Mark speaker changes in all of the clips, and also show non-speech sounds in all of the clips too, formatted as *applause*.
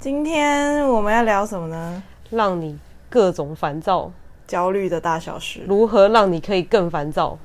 Speaker 1: 今
Speaker 2: 天我們要聊什麼呢？讓你各種煩躁、焦慮的大小事，如何讓你可以更煩躁？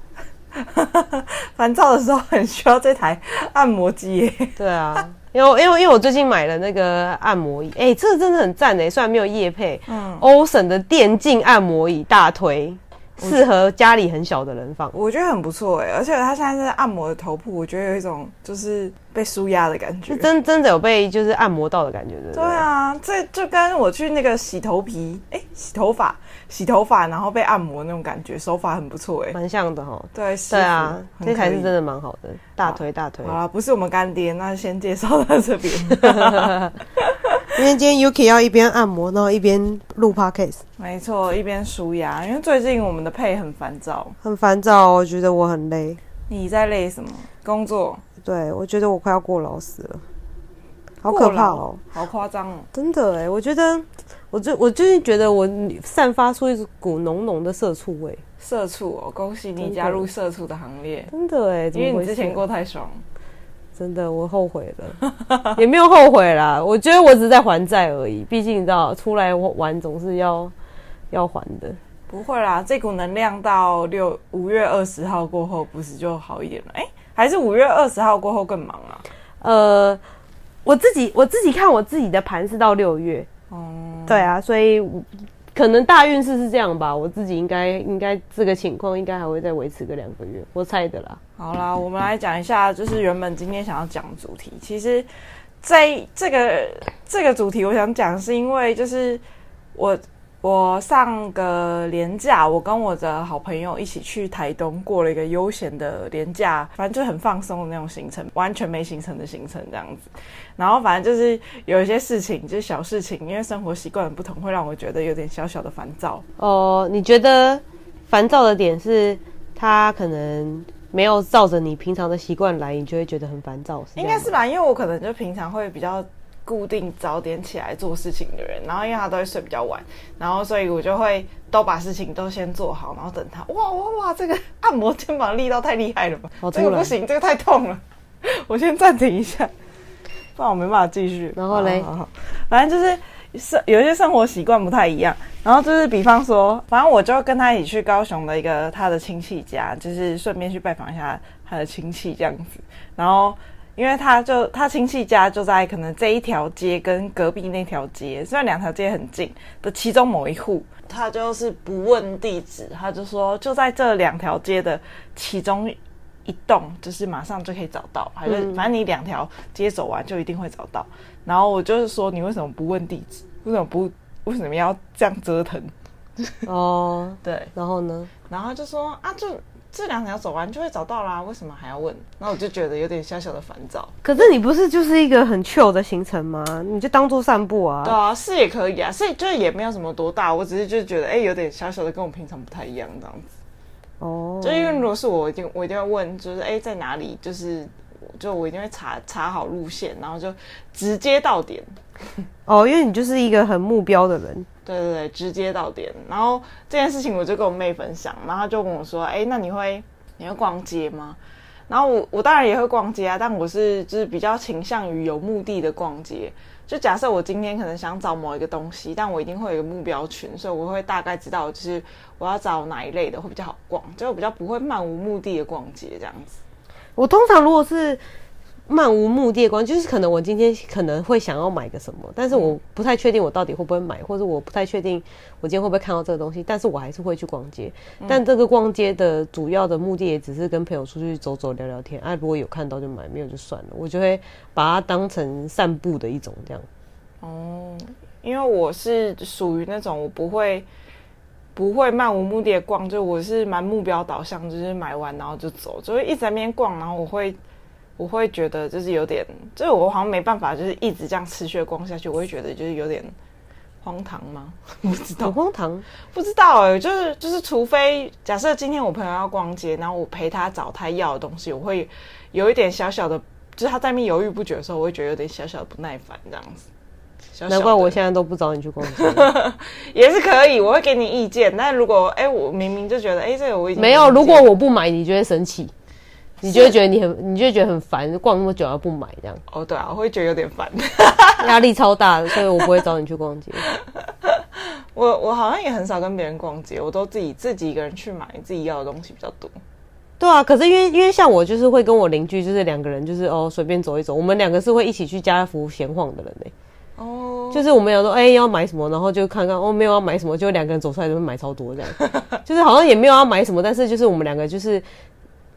Speaker 2: 煩 *laughs* 躁的時候很需要這臺按摩機耶。對啊，因為因為 *laughs* 因為我最近買了那個按摩椅，哎、欸，這個、真的很讚哎，雖然沒有業配，嗯，歐森、awesome、的電競按摩椅大推。適合家裡很小的人放，我覺得很不錯哎、欸，而且它現在是按摩的頭部，我覺得有一種就是被舒壓的感覺，真真的有被就是按摩到的感覺，對對，
Speaker 1: 對啊，這就跟我去那個洗頭皮，哎、欸，洗頭髮，洗頭髮然後被按摩的那種感覺，手法很不錯哎、欸，蠻像的哈、哦，對對啊，這才是真的蠻好的，大推大推，好了，不是我們
Speaker 2: 乾爹，那先介紹到這邊。 *laughs* *laughs* 因為今天 Yuki 要一邊按摩，然後一邊錄 podcast，
Speaker 1: 沒錯，一邊刷牙。因為最近我們的 Pei 很煩躁，
Speaker 2: 很煩躁，我覺得我很累。
Speaker 1: 你在累什麼？工作？
Speaker 2: 對，我覺得我快要過勞死了，好可怕哦、喔，
Speaker 1: 好誇張
Speaker 2: 哦。 *laughs* 真的哎、欸，我覺得我最我最近覺得我散發出一股濃濃的社畜味。
Speaker 1: 社畜哦、喔，恭喜你加入社畜的行列。真
Speaker 2: 的哎，的欸怎麼啊、因為你之前過太爽。真的，我後悔了， *laughs* 也沒有後悔啦。我覺得我只是在還債而已，畢竟你知道，出來玩總是要要還的。
Speaker 1: 不會啦，這股能量到六五月二十號過後不是就好一點了？哎、欸，還是五月二十
Speaker 2: 號過後更忙啊？呃，我自己我自己看我自己的盤是到六月哦，嗯、對啊，所以。可能大運勢是這樣吧，我自己應該應該這個情況應該還會再維持個兩個月，我猜的啦。好啦，我們來講一下，就
Speaker 1: 是原本今天想要講的主題，其實在這個這個主題，我想講是因為就是我。我上個年假，我跟我的好朋友一起去台東，過了一個悠閒的年假，反正就很放鬆的那種行程，完全沒行程的行程這樣子。然後反正就是有一些事情，就是小事情，因為生活習慣不同，會讓我覺得有點小小的煩躁。
Speaker 2: 哦、呃，你覺得煩躁的點是，他可能沒有照着你平常的習慣來，你就會覺得很煩躁。應該是吧，
Speaker 1: 因為我可能就平常會比較。固定早點起來做事情的人，然後因為他都會睡比較晚，然後所以我就會都把事情都先做好，然後等他。哇哇哇，這個按摩肩膀力道太厲害了吧？這個不行，這個太痛了。我先暫停一下，不然我沒辦法繼續。然後嘞，好好，反正就是生有一些生活習慣不太一樣。然後就是比方說，反正我就跟他一起去高雄的一個他的親戚家，就是順便去拜訪一下他的親戚這樣子。然後。因為他就他親戚家就在可能這一條街跟隔壁那條街，雖然兩條街很近的其中某一戶，他就是不問地址，他就說就在這兩條街的其中一棟，就是馬上就可以找到，還、就是反正你兩條街走完就一定會找到。嗯、然後我就是說你為什麼不問地址？為什麼不為什麼要這樣折騰？哦，對，然後呢？然後他就說啊，就。這兩條走完就會找到啦，為什麼還要問？那我就覺得有點小小的煩躁。
Speaker 2: 可是你不是就是一個很 Chill 的行程嗎？你就當做散步啊。對
Speaker 1: 啊，是也可以啊，所以就是也沒有什麼多大，我只是就覺得、欸、有點小小的跟我平常不太一樣這樣子。哦，oh. 就因為如果是我，我一定我一定會問，就是哎、欸、在哪裡？就是。就我一定會查查好路線，然後就直接到點。
Speaker 2: 哦，oh, 因為你就是一個很目標的人。
Speaker 1: 對對對，直接到點。然後這件事情我就跟我妹分享，然後她就跟我說：“哎，那你會你會逛街嗎？”然後我我當然也會逛街啊，但我是就是比較傾向於有目的的逛街。就假設我今天可能想找某一個東西，但我一定會有一個目標群，所以我會大概知道就是我要找哪一類的會比較好逛，就我比較不會漫無目的的逛街這樣子。
Speaker 2: 我通常如果是漫無目的的逛，就是可能我今天可能會想要買個什麼，但是我不太確定我到底會不會買，嗯、或者我不太確定我今天會不會看到這個東西，但是我還是會去逛街。嗯、但這個逛街的主要的目的也只是跟朋友出去走走聊聊天。哎、啊，如果有看到就買，沒有就算了。我就會把它當成散步的一種這樣。
Speaker 1: 哦、嗯，因為我是屬於那種我不會。不會漫無目的的逛，就我是蠻目標導向，就是買完然後就走，就會一直在那邊逛，然後我會，我會覺得就是有點，就是我好像沒辦法，就是一直這樣持續逛下去，我會覺得就是有點荒唐嗎？ *laughs* 不知道 *laughs* 荒唐，不知道誒、欸，就是就是，除非假設今天我朋友要逛街，然後我陪他找他要的東西，我會有一點小小的，就是他在那邊猶豫不決的時候，我會覺得有點小小的不耐煩這樣子。小小，難怪我
Speaker 2: 現在都不找你去逛
Speaker 1: 街， *laughs* 也是可以，我會給你意見。但如果哎、欸，我明明就覺得哎、欸，這有我已經逛街沒有。如果我
Speaker 2: 不買，你就會生氣，你就會覺得你很，是你就會覺得很煩，逛那麼久而不買這樣。
Speaker 1: 哦，對啊，我會覺得
Speaker 2: 有點煩，壓 *laughs* 力超大的，所以我不會找你去逛街。
Speaker 1: *laughs* 我我好像也很少跟別人逛街，我都自己自己一個人去買，自己要的東西比較多。
Speaker 2: 對啊，可是因為因為像我就是會跟我鄰居就是兩個人就是哦隨便走一走，我們兩個是會一起去家福閒晃的人嘞、欸哦，oh. 就是我們有時候，哎、欸，要買什麼，然後就看看，哦，沒有要買什麼，就兩個人走出來就會買超多這樣， *laughs* 就是好像也沒有要買什麼，但是就是我們兩個就是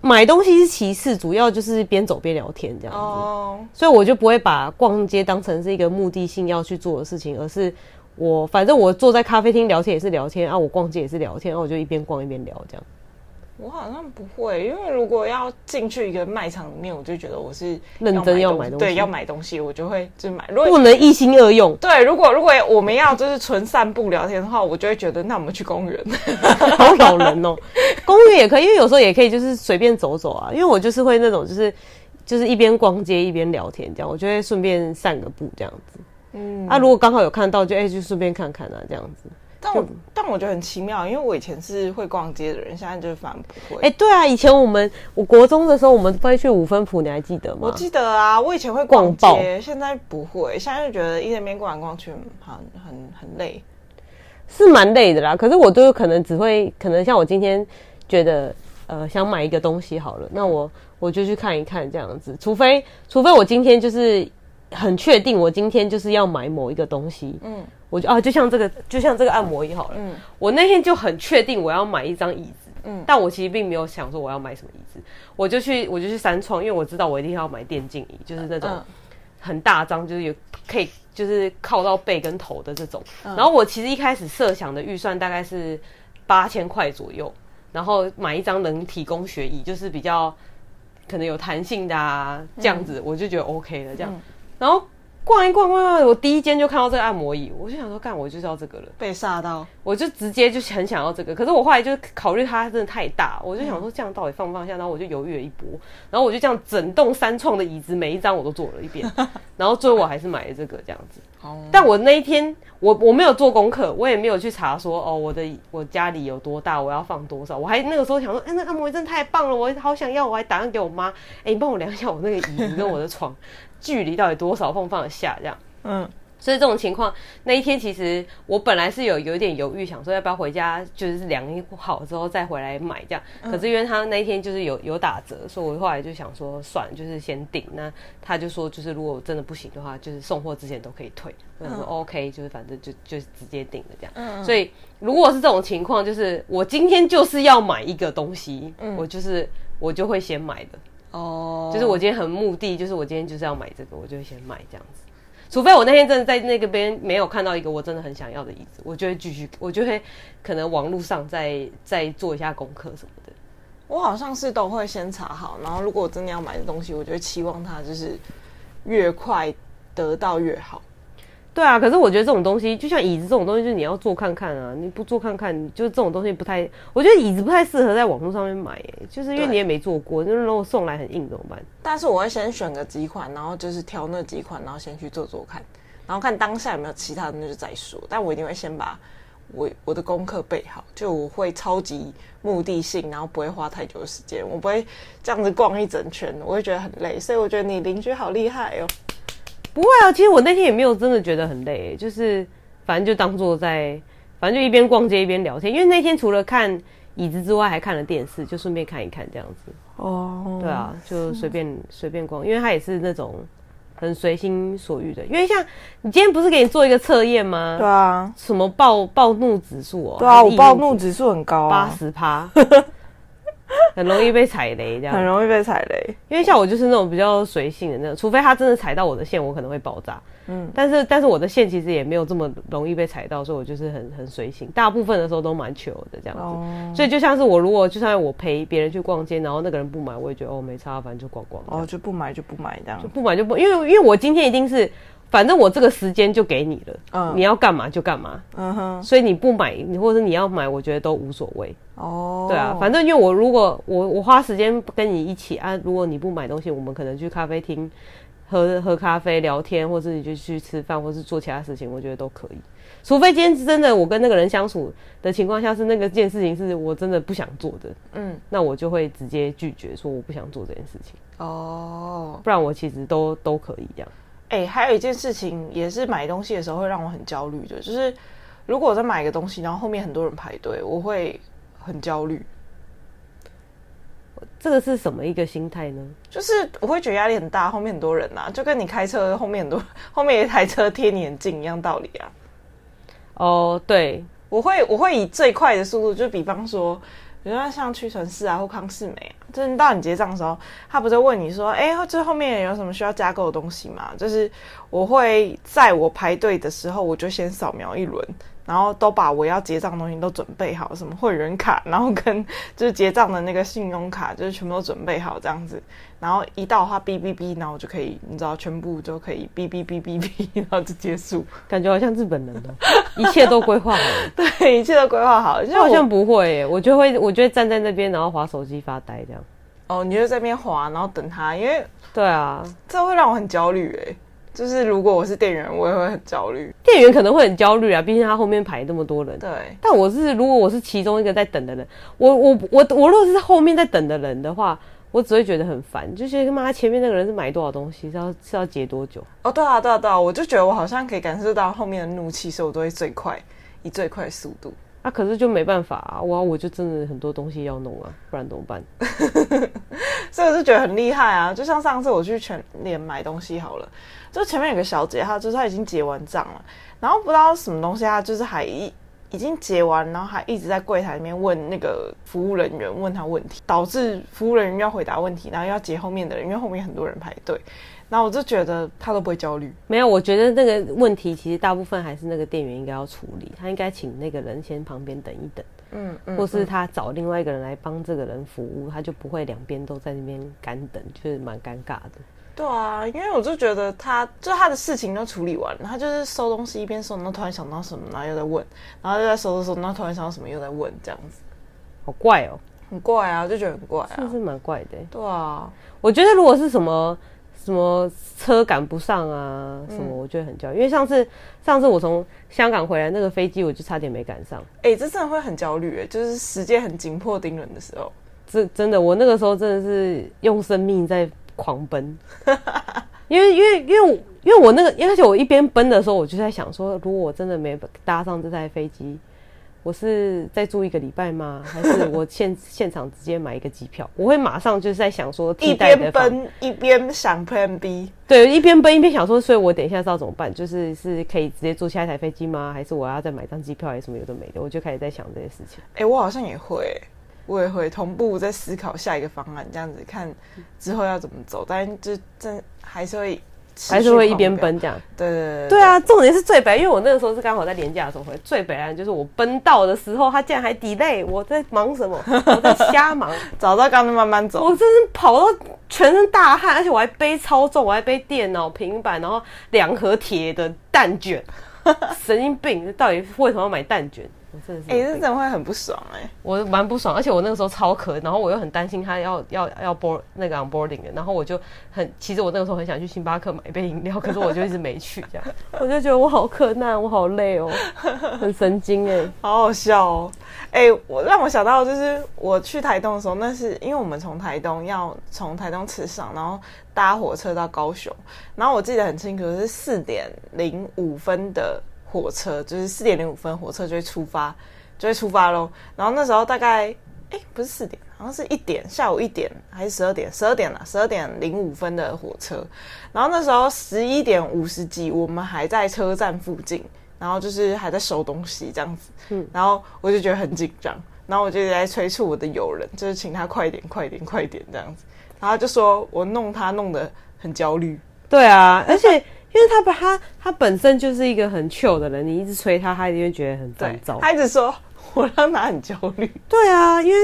Speaker 2: 買東西是其次，主要就是邊走邊聊天這樣哦，oh. 所以我就不會把逛街當成是一個目的性要去做的事情，而是我反正我坐在咖啡廳聊天也是聊天啊，我逛街也是聊天，然後我就一邊逛一邊聊這樣。
Speaker 1: 我好像不會，因為如果要進去一個賣場裡面，我就覺得我是認真要買東西，對，要買東西，對東西我就會就買。如果不能一心二用。對，如果如果我們要就是純散步聊天的話，我就會覺得那我們去公園，
Speaker 2: *laughs* 好老人哦、喔。公園也可以，因為有時候也可以就是隨便走走啊，因為我就是會那種就是就是一邊逛街一邊聊天這樣，我就會順便散個步這樣子。嗯，啊，如果剛好有看到就，欸、就哎，就順便看看啊，這樣子。
Speaker 1: 但我就但我覺得很奇妙，因為我以前是會逛街的人，現在就是反而不會。
Speaker 2: 哎、欸，對啊，以前我們我國中的時候，我們會去五分埔，你還記得嗎？我記得啊，我以前會逛街，逛
Speaker 1: 爆現在不會，現在就覺得一天天逛來逛去，很很很累，
Speaker 2: 是蠻累的啦。可是我都有可能只會，可能像我今天覺得，呃，想買一個東西好了，那我我就去看一看這樣子。除非除非我今天就是。很確定，我今天就是要買某一個東西。嗯，我就啊，就像這個，就像這個按摩椅好了。嗯，我那天就很確定我要買一張椅子。嗯，但我其實並沒有想說我要買什麼椅子，我就去我就去三創，因為我知道我一定要買電競椅，就是那種很大張，就是有可以就是靠到背跟頭的這種。然後我其實一開始設想的預算大概是八千塊左右，然後買一張能提供學椅，就是比較可能有彈性的啊這樣子，我就覺得 OK 了。這樣。然後逛一逛逛，我第一間就看到這個按摩椅，我就想說，幹，我就是要這個了，被嚇到。我就直接就很想要這個，可是我後來就考慮它真的太大，我就想說這樣到底放不放下？然後我就猶豫了一波，然後我就這樣整棟三創的椅子每一張我都坐了一遍，然後最後我還是買了這個這樣子。但我那一天我我沒有做功課，我也沒有去查說哦我的我家裡有多大，我要放多少。我還那個時候想說，哎，那按摩椅真的太棒了，我好想要，我還打電話給我媽，哎，你幫我量一下我那個椅子跟我的床。 *laughs* 距離到底多少縫放得下？這樣，嗯，所以這種情況那一天，其實我本來是有有一點猶豫，想說要不要回家就是量一好之後再回來買這樣。嗯、可是因為他那一天就是有有打折，所以我後來就想說算，算就是先訂。那他就說，就是如果真的不行的話，就是送貨之前都可以退。所以我說 OK，、嗯、就是反正就就直接訂了這樣。嗯嗯，所以如果是這種情況，就是我今天就是要買一個東西，嗯、我就是我就會先買的。哦，oh. 就是我今天很目的，就是我今天就是要買這個，我就會先買這樣子。除非我那天真的在那個邊沒有看到一個我真的很想要的椅子，我就會繼續，我就會可能網絡上再再做一下功課什麼的。
Speaker 1: 我好像是都會先查好，然後如果我真的要買的東西，我就會期
Speaker 2: 望它就是越快得到越好。對啊，可是我覺得這種東西，就像椅子這種東西，就是你要坐看看啊，你不坐看看，就是這種東西不太，我覺得椅子不太適合在網絡上面買，欸，就是因為你也沒坐過，對就是如果送來很硬怎麼辦？
Speaker 1: 但是我會先選個幾款，然後就是挑那幾款，然後先去坐坐看，然後看當下有沒有其他的，就再說。但我一定會先把我我的功課備好，就我會超級目的性，然後不會花太久的時間，我不會這樣子逛一整圈，我會覺得很累。所以我覺得你鄰居好厲害哦，喔。
Speaker 2: 不會啊，其實我那天也沒有真的覺得很累，就是反正就當做在，反正就一邊逛街一邊聊天，因為那天除了看椅子之外，還看了電視，就順便看一看這樣子。哦，oh, 對啊，就隨便是隨便逛，因為它也是那種很隨心所欲的。因為像你今天不是給你做一個測驗嗎？對啊，什麼暴暴怒指數，哦？對啊，我暴怒指數很高，啊，八十趴。呵呵。很容，很容易被踩雷，這樣很容易被踩雷，因為像我就是那種比較隨性的那種、個，除非他真的踩到我的線，我可能會爆炸。嗯，但是但是我的線其實也沒有這麼容易被踩到，所以我就是很很隨性，大部分的時候都蠻 chill 的這樣子。哦、所以就像是我如果就算我陪別人去逛街，然後那個人不買，我也覺得哦沒差，反正就逛逛。哦，就不買就不買這樣。就不買就不，因為因為我今天一定是。反正我這個時間就給你了，嗯、你要幹嘛就幹嘛。嗯哼，所以你不買，你或者，你要買，我覺得都無所謂。哦，對啊，反正因為我如果我我花時間跟你一起啊，如果你不買東西，我們可能去咖啡廳喝喝咖啡聊天，或是你就去吃飯，或是做其他事情，我覺得都可以。除非今天真的我跟那個人相處的情況下是那個件事情是我真的不想做的，嗯，那我就會直接拒絕說，我不想做這件事情。哦，不然我其實都都可以這樣。
Speaker 1: 哎、欸，還有一件事情也是買東西的時候會讓我很焦慮的，就是如果我在買一個東西，然後後面很多人排隊，我會很焦慮。
Speaker 2: 這個是什麼一個心態呢？
Speaker 1: 就是我會覺得壓力很大，後面很多人吶、啊，就跟你開車後面很多後面一台車貼你很近一樣道理啊。哦，oh, 對，我會我會以最快的速度，就比方說。比如說像屈臣氏啊，或康是美啊，就是到你結賬的時候，他不是問你說：“哎、欸，這後面有什麼需要加購的東西嗎？”就是。我會在我排隊的時候，我就先掃描一輪，然後都把我要結賬的東西都準備好，什麼會員卡，然後跟就是結賬的那個信用卡，就是全部都準備好這樣子。然後一到的話嗶嗶嗶，然後我就可以，你知道，全部就可以嗶嗶嗶嗶嗶，然後就結束。感覺好像日本
Speaker 2: 人一切都規劃好， *laughs* 對，一切都規劃好。我好像不會耶，我就會，我就會站在那邊，然後滑手機發呆這樣。
Speaker 1: 哦，你就在那邊滑，然後等他，因為對啊，
Speaker 2: 這會讓我很焦慮誒。就是如果我是店員，我也會很焦慮。店員可能會很焦慮啊，畢竟他後面排這麼多人。對，但我是如果我是其中一個在等的人，我我我我，我我如果是後面在等的人的話，我只會覺得很煩，就覺得他媽，前面那個人是買多少東西，是要是要要結多久？
Speaker 1: 哦，對啊，對啊，對啊，我就覺得我好像可以感受到後面的怒氣，所以我都會最快以最快速度。
Speaker 2: 那、啊、可是就沒辦法啊，我我就真的很多東西要弄啊，不然怎麼辦？
Speaker 1: *laughs* 所以我就覺得很厲害啊，就像上次我去全聯買東西好了，就前面有個小姐，她就是她已經結完賬了，然後不知道什麼東西、啊，她就是還已已經結完，然後還一直在櫃檯裡面問那個服務人員問她問題，導致服務人員要回答問題，然後要結後面的人，因為後面很多人排
Speaker 2: 隊。然後我就覺得他都不會焦慮，沒有，我覺得那個問題其實大部分還是那個店員應該要處理，他應該請那個人先旁邊等一等，嗯嗯，嗯或是他找另外一個人來幫這個人服務，他就不會兩邊都在那邊乾等，就是蠻尷尬的。
Speaker 1: 對啊，因為我就覺得他，就他的事情都處理完了，他就是收東西一邊收，然後突然想到什麼，然後又在問，然後又在收收收，然後突然想到什麼又在問，這樣子，好怪
Speaker 2: 哦，很怪啊，我就覺得很怪啊，是，是蠻怪的、欸。對啊，我覺得如果是什麼。什麼車趕不上啊？什麼，我覺得，我就會很焦，因為上次，上次我從香港回來，那個飛機我就差點沒趕上。
Speaker 1: 哎、欸，這真的會很焦慮，哎，就是時間很緊迫、
Speaker 2: 盯人的時候。這真的，我那個時候真的是用生命在狂奔。因為，因為，因為，因為我，因為我那個，而且我一邊奔的時候，我就在想說，如果我真的沒搭上這台飛機。我是在住一個禮拜嗎？還是我現 *laughs* 現場直接買一個機票？我會馬上就是在想說一邊，一邊奔一邊想 plan B，對，一邊奔一邊想說，所以，我等一下知道怎麼辦，就是是可以直接坐下一台飛機嗎？還是我要再買張機票，還是什麼有的沒的？我就開始在想這些事情。哎、
Speaker 1: 欸，我好像也會，我也會同步在思考下一個方案，這樣子看之後要怎麼走。但就
Speaker 2: 真還是會。還是會一邊奔
Speaker 1: 這樣，對對對，對，對啊，
Speaker 2: 重點是最北，因為我那個時候是剛好在連假的時候回最北，就是我奔到的時候，他竟然還 delay，我在忙什麼？我在瞎忙，早知道剛才慢慢走。我真是跑到全身大汗，而且我還背超重，我還背電腦、平板，然後兩盒鐵的蛋卷， *laughs* 神經病！到底為什麼要買蛋卷？哎、欸，這怎麼會很不爽哎、欸？我蠻不爽，而且我那個時候超渴，然後我又很擔心他要要要播那個 on boarding 的，然後我就很，其實我那個時候很想去星巴克買一杯飲料，可是我就一直沒去，這樣， *laughs* 我就覺得我好渴，那我好累哦，很神經哎，好好笑哦，哎、欸，我讓我想到就是
Speaker 1: 我去台東的時候，那是因為我們從台東要從台東池上，然後搭火車到高雄，然後我記得很清楚、就是四點零五分的。火車就是四點零五分，火車就會出發，就會出發咯。然後那時候大概，誒、欸、不是四點，好像是一點，下午一點還是十二點？十二點啦，十二點零五分的火車。然後那時候十一點五十幾，我們還在車站附近，然後就是還在收東西這樣子。然後我就覺得很緊張，然後我就在催促我的友人，就是請他快點、快點、快點這樣子。然後就說我弄他弄得
Speaker 2: 很焦慮。對啊，而且。因為他把他他本身就是一個很 chill 的人，你一直催他，他一定會覺得很煩躁，他一直說：“我讓他很焦慮。”對啊，因為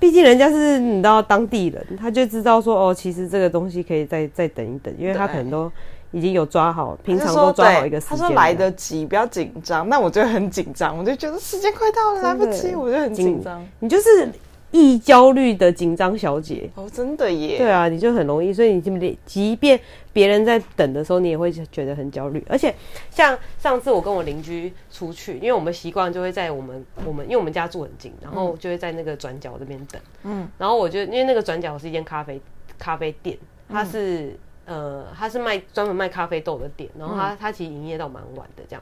Speaker 2: 畢竟人家是你知道當地人，他就知道說：“哦，其實這個東西可以再再等一等，因為他可能都已經有抓好，對平常都抓好一個時間，他說來得及，不要緊張。”那我就很緊張，我就覺得時間快到了，來的不及，我就很緊張。你就是。易焦慮的緊張小姐哦，
Speaker 1: 真的耶！對啊，
Speaker 2: 你就很容易，所以你即便別人在等的時候，你也會覺得很焦慮。而且，像上次我跟我鄰居出去，因為我們習慣就會在我們我們，因為我們家住很近，然後就會在那個轉角這邊等。嗯，然後我就因為那個轉角，是一間咖啡咖啡店，它是、嗯、呃，它是賣專門賣咖啡豆的店，然後它、嗯、它其實營業到蠻晚的這樣。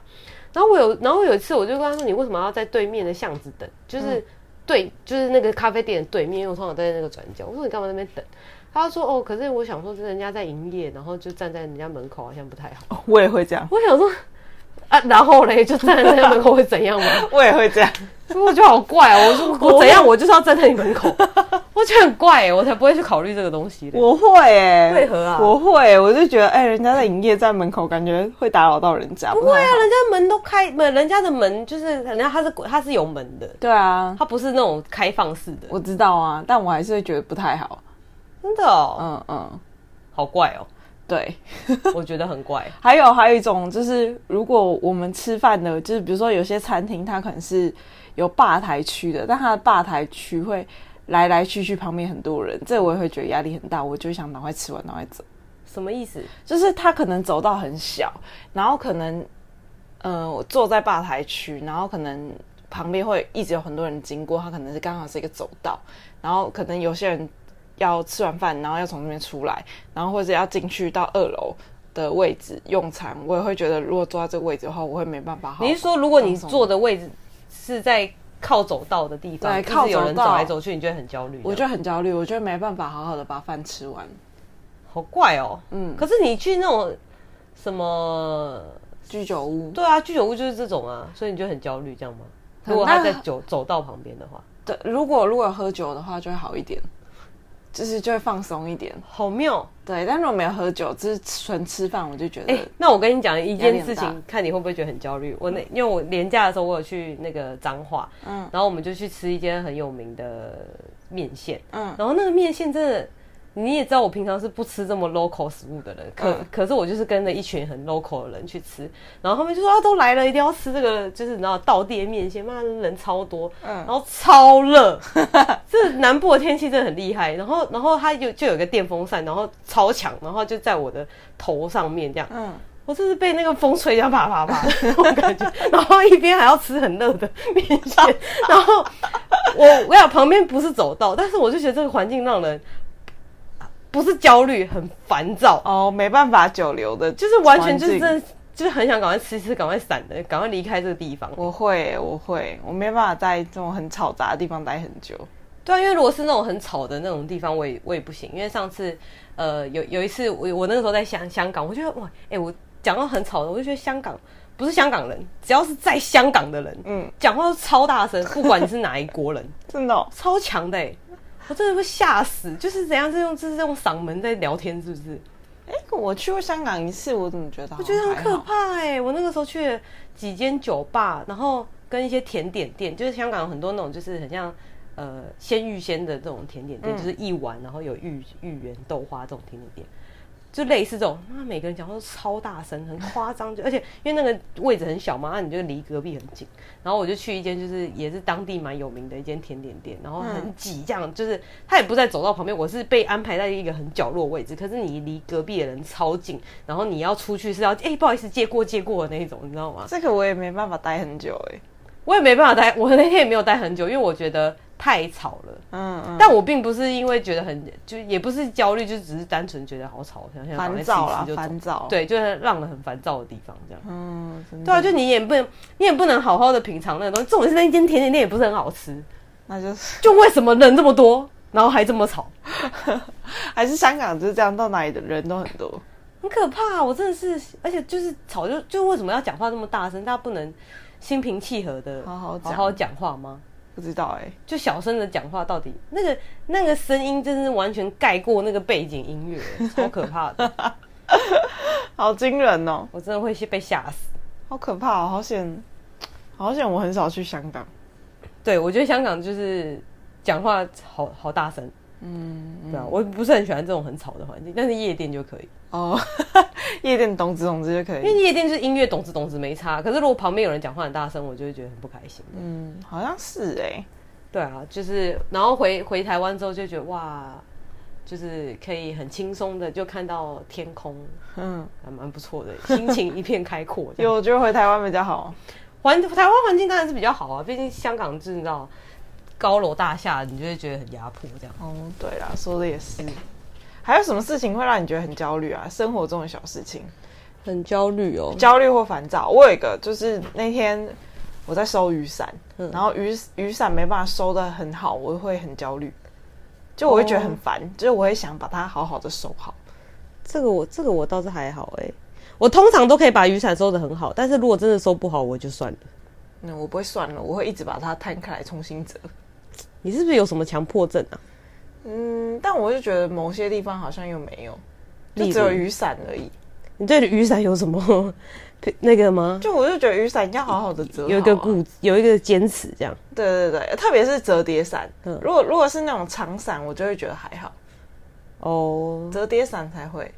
Speaker 2: 然後我有，然後有一次我就跟他說：“你為什麼要在對面的巷子等？”就是。嗯對，就是那個咖啡店的對面，因為我剛好站在那個轉角。我說你幹嘛在那邊等？他說哦，可是我想說，是人家在營業，然後就站在人家門口，好像不太好。哦，我也會這樣。我想說。啊，然後嘞，就站在那門口會怎樣嗎？ *laughs* 我也會這樣， *laughs* 我覺得好怪哦、啊。我說我怎樣，我就是要站在你門口，我覺得很怪、欸。我才不會去考慮這個東西。我會誒、欸、為何啊？我會，我就覺得誒、欸、人家營在營業，站門口感覺會打擾到人家不。不會啊，人家門都開，門人家的門就是人家他是他是有門的。對啊，他不是那種開放式的。我知道啊，但我還是會覺得不太好，真的哦。嗯嗯，好怪哦。
Speaker 1: 對，
Speaker 2: *laughs* 我覺得很怪。
Speaker 1: 還有還有一種就是，如果我們吃飯的，就是比如說有些餐廳，它可能是有吧台區的，但它的吧台區會來來去去，旁邊很多人，這個、我也會覺得壓力很大。我就想，趕快吃完，趕快走。什麼意思？就是它可能走道很小，然後可能，呃，我坐在吧台區，然後可能旁邊會一直有很多人經過，它可能是剛好是一個走道，然後可能有些人。要吃完飯，然後要從那邊出來，然後或者要進去到二樓的位置用餐，我也會覺得，如果坐在這個位置的話，我會沒辦法好好。你是說，
Speaker 2: 如果你坐的位置是在靠走道的地方？對，靠走道有人走來走去，你就會很焦慮。我覺得很焦慮，我覺得沒辦法好好的把飯吃完，好怪哦、喔。嗯，可是你去那種什麼居酒屋？對啊，居酒屋就是這種啊，所以你就很焦慮，這樣嗎？嗯、
Speaker 1: 如果他在
Speaker 2: 酒走，走道旁邊的話，對，如果如果喝
Speaker 1: 酒的話，就會好一點。就是就會放鬆一點，好妙。對，但是我沒有喝酒，
Speaker 2: 就是純吃飯，我就覺得。哎、欸，那我跟你講一件事情，看你會不會覺得很焦慮？嗯、我那因為我年假的時候，我有去那個彰化，嗯，然後我們就去吃一間很有名的麵線，嗯，然後那個麵線真的。你也知道我平常是不吃這麼 local 食物的人，可、嗯、可是我就是跟着一群很 local 的人去吃，然後他們就說啊都來了，一定要吃這個，就是你知道道地的麵線，嘛，人超多，嗯、然後超熱，哈哈。這南部的天氣真的很厲害。然後然後它有就，就有個電風扇，然後超強，然後就在我的頭上面這樣，嗯，我就是被那個風吹得啪啪啪的， *laughs* *laughs* 我感覺，然後一邊還要吃很熱的麵線，然後我我講旁邊不是走道，但是我就覺得這個環境讓人。不是焦慮，很煩躁哦，沒辦法久留的，就是完全就是真的，就是很想趕快吃吃，趕快散的，趕快離開這個地方。我會，我會，我沒辦法在這種很吵雜的地方待很久。對啊，因為如果是那種很吵的那種地方，我也我也不行。因為上次，呃，有有一次我，我我那個時候在香香港，我覺得哇，欸，我講到很吵的，我就覺得香港不是香港人，只要是在香港的人，嗯，講話都超大聲，不管你是哪一國人， *laughs* 真的哦，超強的欸。我真的會嚇死，就是怎樣，就是用這這種嗓門在聊天，是不是？哎、欸，我去過香港一次，我怎麼覺得好像還好？我覺得很可怕哎、欸！我那個時候去了幾間酒吧，然後跟一些甜點店，就是香港有很多那種，就是很像呃鮮芋仙，仙的這種甜點店，嗯、就是一碗，然後有芋芋圓、豆花這種甜點店。就類似這種，那每個人講話都超大聲，很誇張，就而且因為那個位置很小嘛，那、啊、你就離隔壁很近。然後我就去一間，就是也是當地蠻有名的一間甜點店，然後很擠，這樣、嗯、就是他也不在走道旁邊，我是被安排在一個很角落的位置，可是你離隔壁的人超近，然後你要出去是要，哎、欸，不好意思，借過借過的那一種，你知道嗎？這
Speaker 1: 個我也沒辦法
Speaker 2: 待很久誒、欸、我也沒辦法待，我那天也沒有待很久，因為我覺得。太吵了，嗯，嗯，但我並不是因為覺得很就，也不是焦慮，就只是單純覺得好吵，像現在煩躁啊，煩躁，對，就是讓人很煩躁的地方，這樣，嗯，對啊，就你也不能，你也不能好好的品嘗那個東西，重點是那間甜點店也不是很好吃，那就是，就為什麼人這麼多，然後還這麼吵，
Speaker 1: *laughs* 還是香港就是這樣，到哪裡的人都很多，
Speaker 2: 很可怕啊，我真的是，而且就是吵就，就就為什麼要講話這麼大聲，大家不能心平氣和的好好好好講話嗎？不知道欸，就小聲的講話，到底那個那個聲音，真是完全蓋過那個背景音樂，超可怕的， *laughs* 好驚人哦！我真的會被嚇死，
Speaker 1: 好可怕哦，好險，
Speaker 2: 好險！我很少去香港，對，我覺得香港就是講話好好大聲。嗯，對啊，嗯、我不是很喜歡這種很吵的環境，但是夜店就可以哦。夜店咚子咚子就可以，因為夜店就是音樂咚子咚子沒差。可是如果旁邊有人講話很大聲，我就會覺得很不開心。嗯，好像是哎、欸。對啊，就是然後回回台灣之後就覺得哇，就是可以很輕鬆的就看到天空，嗯，還蠻不錯的，心情一片開闊。 *laughs* 樣有，覺得回台灣比較好，環台灣環境當然是比較好啊，畢竟香港制，你知道。高樓大廈，你就會覺得很壓迫，這樣。哦，對啦，說的也是。還有什麼事情會讓你覺得很焦慮啊？
Speaker 1: 生活中的小事情，很焦慮哦。焦慮或煩躁。我有一個，就是那天我在收雨傘，嗯、然後雨雨傘沒辦法收的很好，我會很焦慮。就我會覺得很煩，哦、就是我會想把它好好的收好。
Speaker 2: 這個我這個我倒是還好哎、欸，我通常都可以把雨傘收的很好，但是如果真的收不好，我就算了。
Speaker 1: 那、嗯、我不會算了，我會一直把它攤開來重新折。
Speaker 2: 你是不是有什麼強迫症啊？嗯，
Speaker 1: 但我就覺得某些地方好像又沒有，
Speaker 2: 如就只有雨傘而已。你對雨傘有什麼、嗯、 *laughs* 那個嗎？
Speaker 1: 就我就覺得雨傘一定要好好的折好、啊有，有一個
Speaker 2: 固，有一個堅持這樣。
Speaker 1: 對對對，特別是折疊傘。嗯，如果如果是那種長傘，我就會覺得還好。
Speaker 2: 哦，
Speaker 1: 折疊傘才會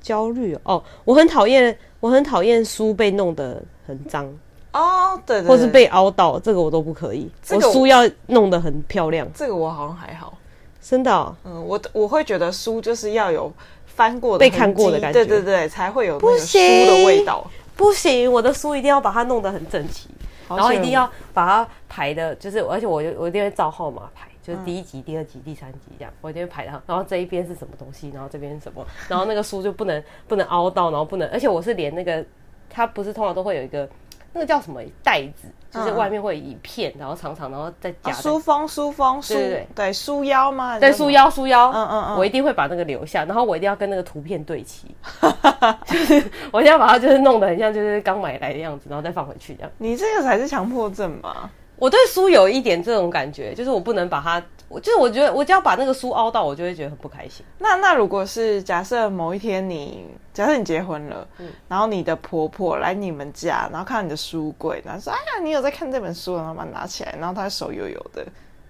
Speaker 2: 焦慮哦。我很討厭，我很討厭書被弄得很髒。哦
Speaker 1: ，oh, 對，對，對，或是被
Speaker 2: 凹到，這個我都不可以。這個我書要弄得很漂亮。這個
Speaker 1: 我好像還好，
Speaker 2: 真的到。嗯，
Speaker 1: 我我會覺得書就是要有翻過的、被看過的感覺，對，對對對，才會有那行，書的味道
Speaker 2: 不行。不行，我的書一定要把它弄得很整齊，好險 然後一定要把它排的，就是而且我我一定會照號碼排，就是第一集、嗯、第二集、第三集這樣，我一定會排它。然後這一邊是什麼東西，然後這邊是什麼，然後那個書就不能 *laughs* 不能凹到，然後不能，而且我是連那個它不是通常都會有一個。那個叫什麼袋子？就是外面會一片，嗯、然後長長，然後再夾。書腰，書腰，對對對，書腰嘛。對，書腰，書腰。嗯嗯嗯，我一定會把那個留下，然後我一定要跟那個圖片對齊。哈哈哈哈哈，就是我一定要把它，就是弄得很像就是剛買來的樣子，然後再放回去這樣。你這個才是強迫症嘛！我對書有一點這種感覺，就是我不能把它。就是我覺得，我只要把那個書凹到，我就會覺得很不開心。那那如果是假設某一天你
Speaker 1: 假設你結婚了，嗯，然後你的婆婆來你們家，然後看到你的書櫃，然後說：“哎呀，你有在看這本書？”然後把它拿起來，然後她手油油的，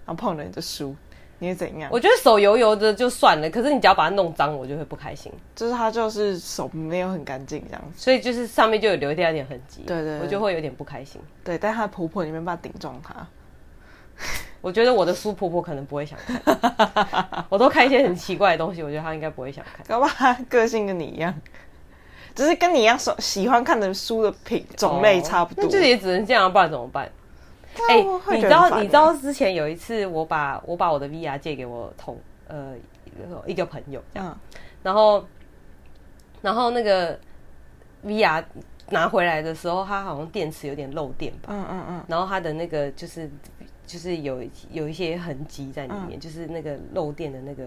Speaker 1: 然後碰着你的書，你會
Speaker 2: 怎樣？我覺得手油油的就算了，可是你只要把它弄髒，我就會不開心。就是她就是手沒有很乾淨，這樣，所以就是上面就有留一點點痕跡。對，對對，我就會有點不開心。對，但是她婆婆你沒辦法頂撞她。我覺得我的蘇婆婆可能不會想看， *laughs* *laughs* 我都看一些很奇怪的東西， *laughs* 我覺得她應該不會想看。好吧，個性跟你一樣，只、就是跟你一樣所喜歡看的書的品種類差不多。哦、那就也只能這樣辦，啊，不然怎麼辦？哎、欸，你知道，你知道之前有一次，我把我把我的 VR 借給我同呃一個朋友這樣，嗯、然後然後那個 VR 拿回來的時候，它好像電池有點漏電吧？嗯嗯嗯。然後它的那個就是。就是有有一些痕跡在裡面，嗯、就是那個漏電的那個，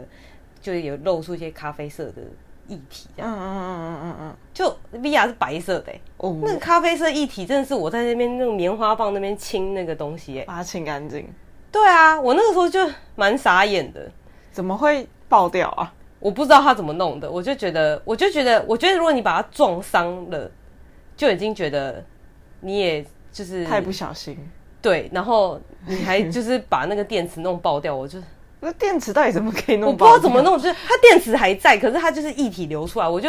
Speaker 2: 就有露出一些咖啡色的液體這樣。這嗯，嗯嗯嗯嗯嗯嗯，就 VR 是白色的、欸，哦，那個咖啡色液體真的是我在那邊、個、那棉花棒那邊清那個東西、欸，把它清乾淨。對啊，我那個時候就蠻傻眼的，怎麼會爆掉啊？我不知道他怎麼弄的，我就覺得，我就覺得，我覺得如果你把它撞傷了，就已經覺得你也就是太不小心。對，然後你還就是把那個電池弄爆掉，我就那電池到底怎麼可以弄爆掉？我不知道怎麼弄，就是它電池還在，可是它就是液體流出來。我就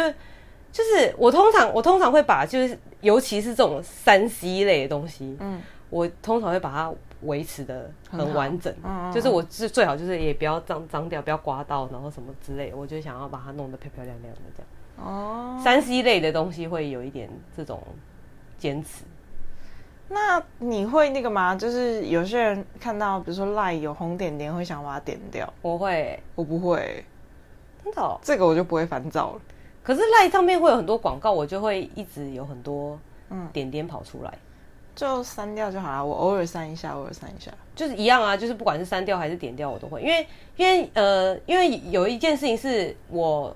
Speaker 2: 就是我通常我通常會把就是尤其是這種三 C 類的東西，嗯，我通常會把它維持得很完整，嗯啊、就是我是最好就是也不要髒髒掉，不要刮到，然後什麼之類，我就想要把它弄得漂漂亮亮的這樣。哦，三 C 類的東西會有一點這種堅持。
Speaker 1: 那你會那個嗎？就是有些人看到，比如說賴有紅點點，會想把它點
Speaker 2: 掉。我會，我不會。真的哦？這個我就不會煩躁了。可是賴上面會有很多廣告，我就會一直有很多嗯點點跑出來，嗯，就刪掉就好了啊。我偶爾刪一下，偶爾刪一下，就是一樣啊。就是不管是刪掉還是點掉，我都會，因為因為呃，因為有一件事情是我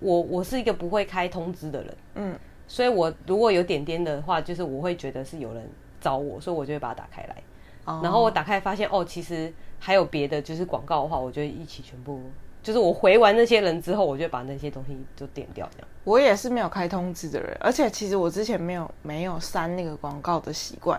Speaker 2: 我我是一個不會開通知的人，嗯，所以我如果有點點的話，就是我會覺得是有人。找我，所以我就會把它打開來，oh. 然後我打開發現哦，其實還有別的，就是廣告的話，我就一起全部，就是我回完那些人之後，我就把那些東西都點掉。這樣。我也是沒有開通知的人，而且其實我之前沒有沒有刪那個廣告的習慣。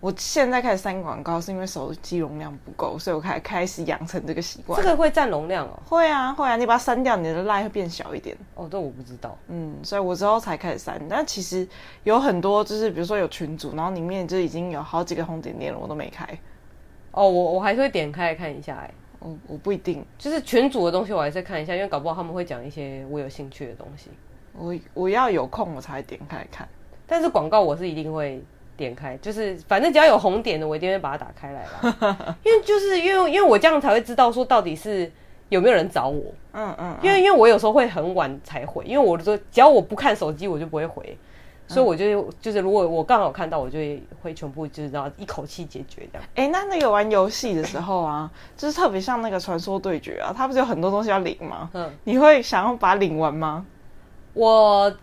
Speaker 1: 我現在開始刪廣告，是因為手機容量不夠，所以我開開始養成這個習慣。這個會占容量哦？會啊，會啊，你把它刪掉，你的 line 會變小一點。哦，這我不知道。嗯，所以我之後才開始刪。但其實有很多，就是比如說有群組，然後裡面就已經
Speaker 2: 有好幾個紅點點了，我都沒開。哦，我我還是會點開來看一下，欸，哎，我我不一定，就是群組的東西我還是看一下，因為搞不好他們會講一些我有興趣的東西。我我要有空我才會點開來看，但是廣告我是一定會。點開就是，反正只要有紅點的，我一定會把它打開來吧。 *laughs* 因為就是因為因為我這樣才會知道說到底是有沒有人找我。嗯嗯。嗯，因為因為我有時候會很晚才回，因為我說只要我不看手機，我就不會回。
Speaker 1: 嗯、所以我就
Speaker 2: 就是如果我剛好看到，我就會全部就是要一口氣解決掉。哎、欸，那那個玩遊戲的時候啊， *coughs* 就是特別像那個《傳
Speaker 1: 說對決》啊，它不是有很多東西要領嗎？嗯。你會想要把它領完嗎？我。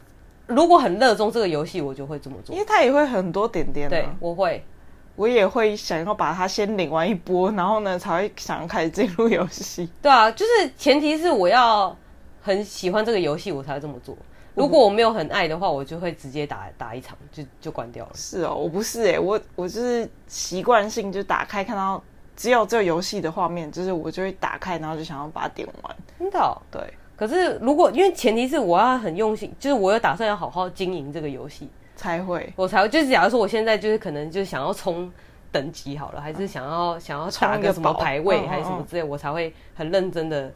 Speaker 1: 如果很熱衷這個遊戲，我就會這麼做，因為他也會很多點點、啊。對，我會，
Speaker 2: 我也會想要把它先領完一波，然後呢，才會想要開始進入遊戲。對啊，就是前提是我要很喜歡這個遊戲，我才會這麼做。不如果我沒有很愛的話，我就會直接打打一場就就關掉了。是哦，我不是誒、欸，我
Speaker 1: 我就是習慣性就打開看到只有這個遊戲的畫面，就是我就會打
Speaker 2: 開，然後就想要把它點完。真的、哦、對。可是，如果因為前提是我要很用心，就是我有打算要好好經營這個遊戲，才會我才會就是，假如說我現在就是可能就想要衝等級好了，還是想要、嗯、想要打個什麼排位還是什麼之類，嗯嗯嗯，我才會很認真的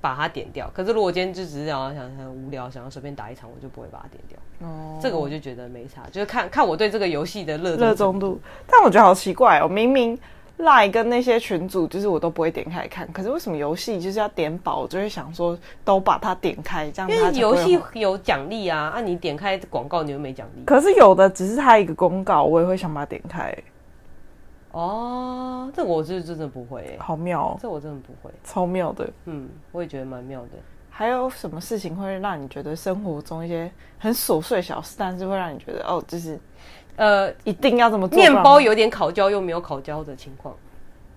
Speaker 2: 把它點掉。可是如果今天就只是想要想很無聊，想要隨便打一場，我就不會把它點掉。哦、
Speaker 1: 嗯，這個我就
Speaker 2: 覺得沒差，就是看看我對這個遊戲的熱熱衷
Speaker 1: 度。但我覺得好奇怪、哦，我明明。Like 跟那些群組，就是我都不會點開看。可是為什麼遊戲就是要點飽？我就會想說，都把它點開，這樣它。因為遊戲
Speaker 2: 有獎勵啊，那、啊、你點開廣告，你又沒獎勵。可
Speaker 1: 是有的只是他一個公告，我也會想把它點開。
Speaker 2: 哦，這我是真的不會，好妙，這我真的不
Speaker 1: 會，超妙的。嗯，我也覺得蠻妙的。還有什麼事情會讓你覺得生活中一些很瑣碎的小事，但是會讓你覺得哦，就是。呃，一定要這麼做？麵包有
Speaker 2: 點烤焦又沒有烤焦的情況，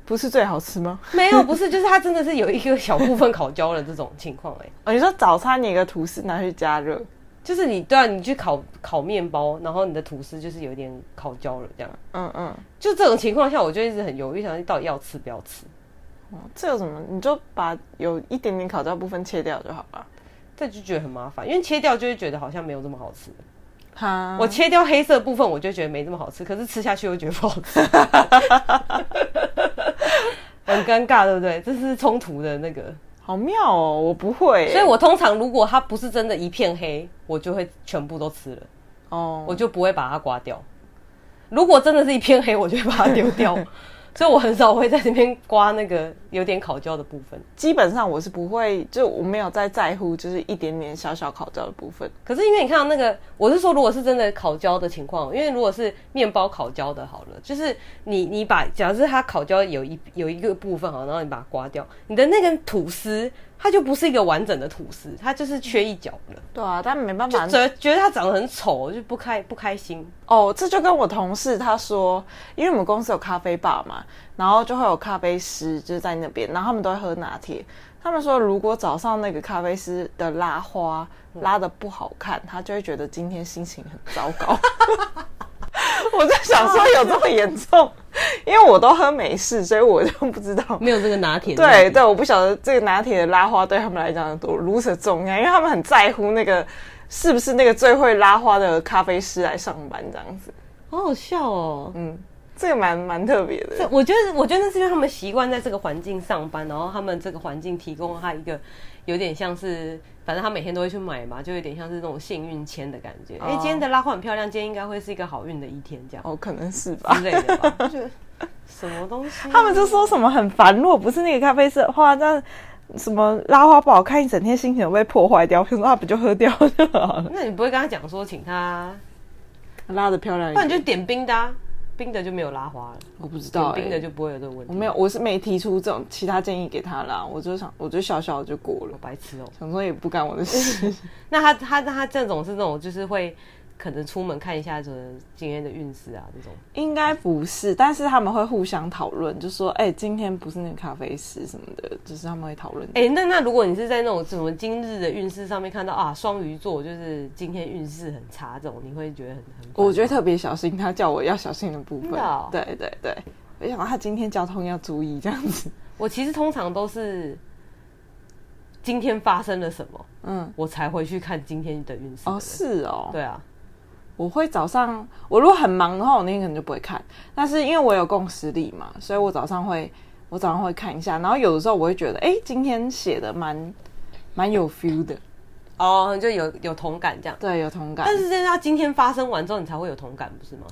Speaker 2: 不是最好吃嗎？ *laughs* 沒有，不是，就是它真的是有一個小部分烤焦了這種情況、欸。哎，啊，你說早餐你的吐司拿去加熱，就是你對啊，你去烤烤麵包，然後你的吐司就是有點烤焦了這樣。嗯嗯，就這種情況下，我就一直很猶豫，想說到底要吃不要吃、哦。這有什麼？你就把有一點點烤焦部分切掉就好了。這就覺得很麻煩，因為切掉就會覺得好像沒有這麼好吃。好我切掉黑色的部分，我就覺得沒這麼好吃。可是吃下去又覺得不好吃， *laughs* *laughs* 很尷尬，對不對？這是衝突的那個，好妙哦！我不會，所以我通常如果它不是真的一片黑，我就會全部都吃了。哦，我就不會把它刮掉。如果真的是一片黑，我就會把它丟掉。 *laughs* 所以我很少會在這邊刮那個有點烤焦的部分，基本上我是不會，就我沒有再在，在乎，就是一點點小小烤焦的部分。可是因為你看到那個，我是說，如果是真的烤焦的情況，因為如果是麵包烤焦的，好了，就是你你把，假設它烤焦有一有一個部分好，然後你把它刮掉，你的那根吐司，它就不是一個完整的吐司，它就是缺一角的、
Speaker 1: 嗯、對啊，但沒辦法，覺
Speaker 2: 得覺得它長得很醜，就不開不開心。哦，這就跟我同事他說，
Speaker 1: 因為我們公司有咖啡吧嘛，然後就會有咖啡師就是在那邊，然後他們都會喝拿鐵。他們說，如果早上那個咖啡師的拉花拉得不好看，嗯、他就會覺得今天心情很糟糕。 *laughs* *laughs* 我在想說有這麼嚴重，因為我都喝美式，所以我就不知道沒有這個拿鐵的對。對對，我不曉得這個拿鐵的拉花對他們來講多如此重要，因為他們很在乎那個是不是那個最會拉花的咖啡師來上班這樣子，
Speaker 2: 好好笑哦。嗯，這個蠻蠻特別的。我覺得，我覺得那是因為他們習慣在這個環境上班，然後他們這個環境提供了他一個。有點像是，反正他每天都會去買嘛，就有點像是那種幸運籤的感覺。哎、oh. 欸，今天的拉花很漂亮，今天應該會是一個好運的一天，這樣哦，oh, 可能是吧。之類的吧。什麼東西、啊？他們就說什麼
Speaker 1: 很煩，如果不是那個咖啡色的話，那什麼拉花不好看，一整天心情都被破壞掉。比如說他說那不就喝掉就好了。那
Speaker 2: 你不會跟他講說，請他、
Speaker 1: 啊、拉得漂
Speaker 2: 亮一點？那你就點冰的、啊。冰的就沒有拉花了，
Speaker 1: 我不知道、欸。冰的就不會有這個問題。我沒有，我是沒提出這種其他建議給他
Speaker 2: 啦。我就想，我就得小小就過了。白痴哦、喔，想說也不干我的事。 *laughs* *laughs* 那他他他，他這種是那種就是會。可能出門看一下什麼今天的運勢啊，這種
Speaker 1: 應該不是，但是他們會互相討論，就說哎、欸，今天不是那個咖啡師什麼的，就是他們會討論。
Speaker 2: 哎、欸，那那如果你是在那種什麼今日的運勢上面看到啊，雙魚座就是今天運勢很差這種，你會覺得很很？
Speaker 1: 我覺得特別小心，他叫我要小心的部分。真的哦？對對對，
Speaker 2: 我想他今天交通要注意這樣子。我其實通常都是今天發生了什麼，嗯，我才回去看今天的運勢。哦，是哦，對啊。我會早上，我如果很忙的話，我那天可能就不會看。
Speaker 1: 但是因為我有共識力嘛，所以我早上會，我早上會看一下。然後有的時候我會覺得，哎，今天寫的蠻蠻有 feel 的，
Speaker 2: 哦，oh, 就有有同感這樣。對，有同感。但是現在今天發生完之後，你才會有同感，不是嗎？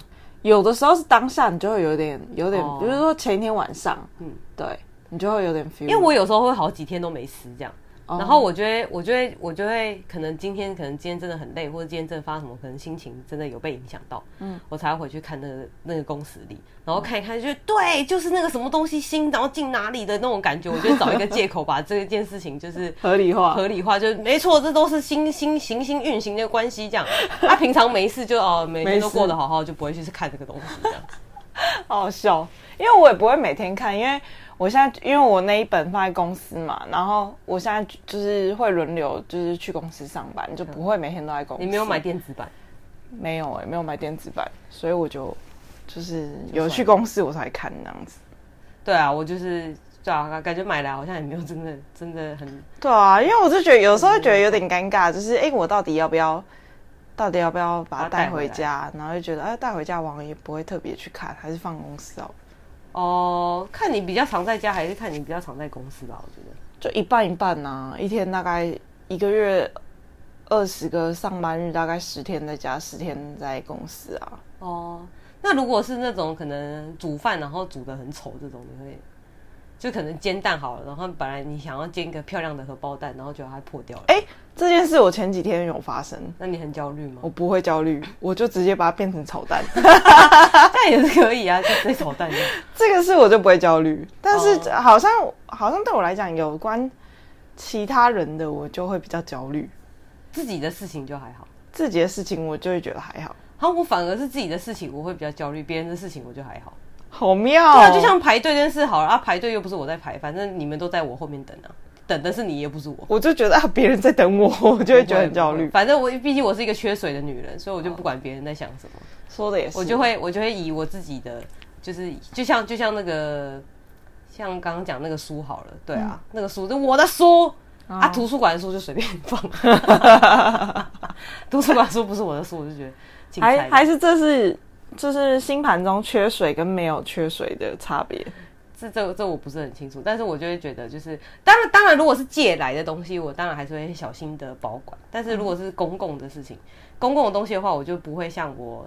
Speaker 1: 有的時候是當下，你就會有點有點，比如說前一天晚上，嗯，對你就會有點 feel。因為我有
Speaker 2: 時候會好幾天都沒撕這樣。然後我覺得，oh. 我覺得，我覺得可能今天，可能今天真的很累，或者今天真的發什麼，可能心情真的有被影響到。嗯，我才會回去看那個、那個公司裡，然後看一看就，就、oh. 對，就是那個什麼東西新，然後進哪裡的那種感覺。我覺得找一個借口把 *laughs* 這件事情就是合理化，合理化就沒錯，這都是星星行星運行的關係。這樣，他、 *laughs* 啊、平常沒事就哦、呃，每天都過得好好，就不會去看這個東西。這
Speaker 1: 樣， *laughs* 好好笑，因為我也不會每天看，因為。我現在因為我那一本放在公司嘛，然後我現在就是會輪流，就是去公司上班，就不會每天都在公司。嗯、你沒有買電子版？沒有哎、欸，沒有買電子版，所以我就就是有去公司我才看那樣子。
Speaker 2: 對啊，我就是感覺買了，好像也沒有真的
Speaker 1: 真的很。對啊，因為我就覺得有時候就覺得有點尷尬，就是哎、欸，我到底要不要，到底要不要把它帶回家？回然後就覺得哎，帶、欸、回家我也不會特別去看，
Speaker 2: 還是放公司哦。哦，oh, 看你比較常在家，還是看你比較常在公司吧？我覺得
Speaker 1: 就一半一半啊，一天大概一個月二十個上
Speaker 2: 班日，大概十天在家，十天在公司啊。哦，oh, 那如果是那種可能煮飯然後煮得很醜這種你會。就可能煎蛋好了，然後本來你想要煎一個漂亮的荷包蛋，然後覺得它破掉了。哎、欸，這件事我前幾天有發生。那你很焦慮嗎？我不會焦慮，我就直接把它變成炒蛋，這樣也是可以啊，再炒蛋
Speaker 1: 這個事我就不會焦慮，但是好像好像對我來講，有關其他人的，我就會比較焦慮。自己的事情就還好，自己的事情我就會覺得還好。
Speaker 2: 好、啊，我反而是自己的事情我會比較焦慮，別人的事情我就還好。
Speaker 1: 好妙、哦！對啊，就像
Speaker 2: 排隊這件事好了啊，排隊又不是我在排，反正你們都在我後面等啊，等的是你，也不是我。我
Speaker 1: 就覺得啊，別人在等我，我就會覺得很焦慮。
Speaker 2: 反正我畢竟我是一個缺水的女人，所以我就不管別人在想什麼，說的也是。我就會我就會以我自己的，就是就像就像那個像剛剛講那個書好了，對啊，嗯、那個書是我的書啊,啊，圖書館的書就隨便放。 *laughs* 圖書館的書不是我的書，我就覺得的還還是這是。就是星盤中缺
Speaker 1: 水跟沒有缺水的差別，
Speaker 2: 這這這我不是很清楚。但是我就會覺得，就是當然當然，當然如果是借來的東西，我當然還是會小心地保管。但是如果是公共的事情，嗯、公共的東西的話，我就不會像我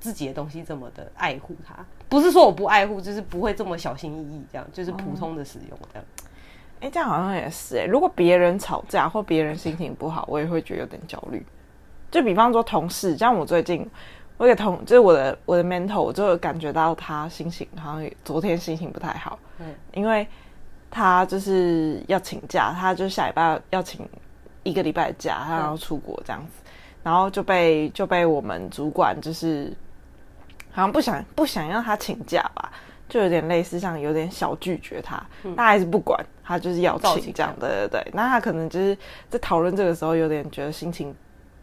Speaker 2: 自己的東西這麼的愛護它。不是說我不愛護，就是不會這麼小心翼翼，這樣就是普通的使用。這
Speaker 1: 樣，哎、嗯欸，這樣好像也是哎、欸。如果別人吵架或別人心情不好，我也會覺得有點焦慮。就比方說同事，像我最近。我給同就是我的我的 mentor，我就有感覺到他心情好像昨天心情不太好，嗯，因為他就是要請假，他就下禮拜要請一個禮拜的假，他要出國這樣子，嗯、然後就被就被我們主管就是好像不想不想讓他請假吧，就有點類似像有點小拒絕他，嗯、他還是不管他就是要請，這樣對對對，那他可能就是在討論這個時候有點覺得心情